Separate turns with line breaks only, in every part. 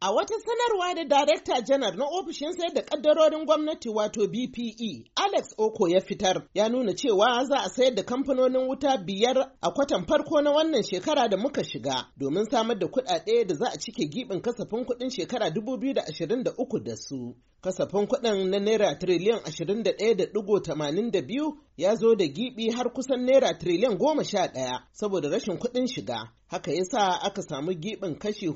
A wata sanarwa da Darekta Janar na ofishin sayar da kaddarorin gwamnati wato BPE, Alex Oko ya fitar, ya nuna cewa za a sayar da kamfanonin wuta biyar a kwatan farko na wannan shekara da muka shiga, domin samar da kuɗaɗe da za a cike gibin kasafin kuɗin shekara 2023 da su. kasafin kuɗin na naira tiriliyan 21.82 ya zo da gibi har kusan naira tiriliyan goma sha ɗaya saboda rashin kuɗin shiga haka yasa aka samu gibin kashi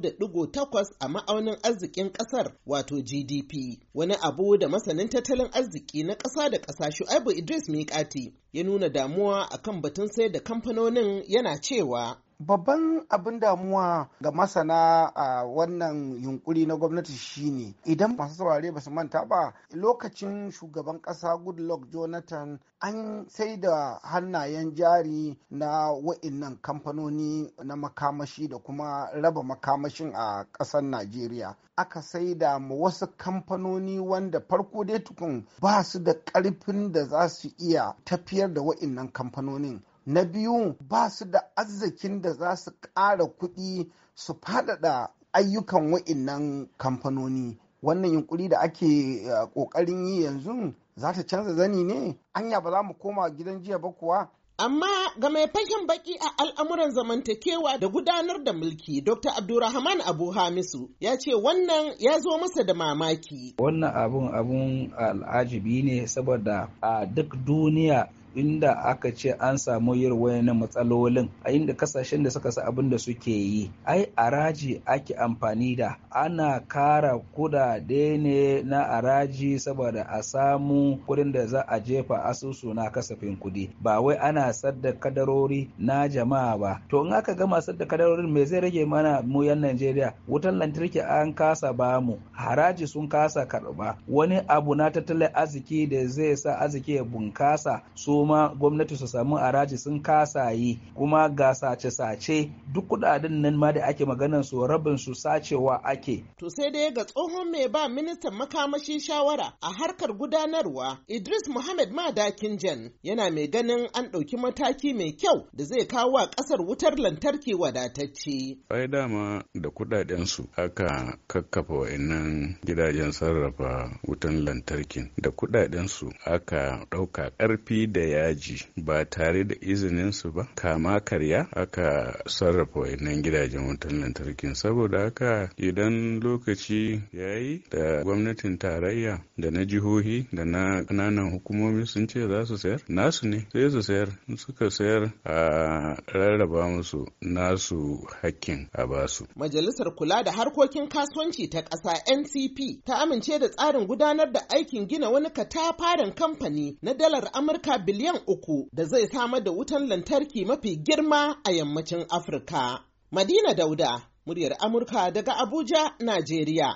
da ɗigo takwas a ma'aunin arzikin ƙasar wato gdp wani abu da masanin tattalin arziki na ƙasa da ƙasa shu'aibu idris miƙati ya nuna damuwa akan batun sai da kamfanonin yana cewa
Babban abin damuwa ga masana a wannan yunkuri na gwamnati shine idan masu saurare ba su manta ba lokacin shugaban kasa Goodluck Jonathan an sai da hannayen jari na wa'innan kamfanoni na makamashi da kuma raba makamashin a ƙasar Najeriya. Aka sai da wasu kamfanoni wanda farko dai tukun ba su da ƙarfin da za su iya tafiyar da wa'innan kamfanonin. na biyu ba su da arzikin da za su ƙara kuɗi su faɗaɗa ayyukan wa'innan kamfanoni wannan yunkuri da ake eh, ƙoƙarin yi yanzu za
ta canza zani ne anya ba za mu koma gidan jiya ba kuwa Amma ga mai fashin baki a al'amuran zamantakewa da gudanar da mulki, Dr. Abdurrahman Abu Hamisu
ya ce wannan ya zo masa da mamaki. Wannan abun abun al'ajibi ne saboda a duk duniya inda aka ce an samu yin na matsalolin a inda kasashen da suka sa abin da suke yi ai araji ake amfani da ana kara kudade ne na araji saboda a samu kudin da za a jefa asusu na kasafin kudi ba wai ana sadda kadarori na jama'a ba to in aka gama sadda kadarorin me zai rage mana mu yan Najeriya wutan lantarki an kasa ba mu haraji sun kasa karba wani abu na tattalin arziki da zai sa arziki ya bunkasa so ma gwamnati su samu araji sun kasa yi kuma ga sace-sace duk kudaden nan ma da ake maganan su rabin su sacewa ake.
To sai dai ga tsohon mai ba ministan makamashin shawara a harkar gudanarwa Idris Muhammad Madakin Jan yana mai ganin an ɗauki mataki mai kyau da zai kawo a ƙasar wutar lantarki wadatacce.
Ai dama da kudaden su aka kakkafa wa'annan gidajen sarrafa wutan lantarkin da kudaden su aka ɗauka ƙarfi da yaji ba tare da izinin su ba kama karya aka sarrafa wayannan gidajen wutan lantarki saboda haka idan lokaci ya yi da gwamnatin tarayya da na jihohi da na kananan hukumomi sun ce za su sayar nasu ne sai su sayar suka sayar a rarraba musu nasu hakkin
a basu majalisar kula da harkokin kasuwanci ta ƙasa ncp ta amince da tsarin gudanar da aikin gina wani katafaren kamfani na dalar amurka biliyan miliyan uku da zai samar da wutan lantarki mafi girma a yammacin Afirka. Madina Dauda, muryar Amurka daga Abuja, Najeriya.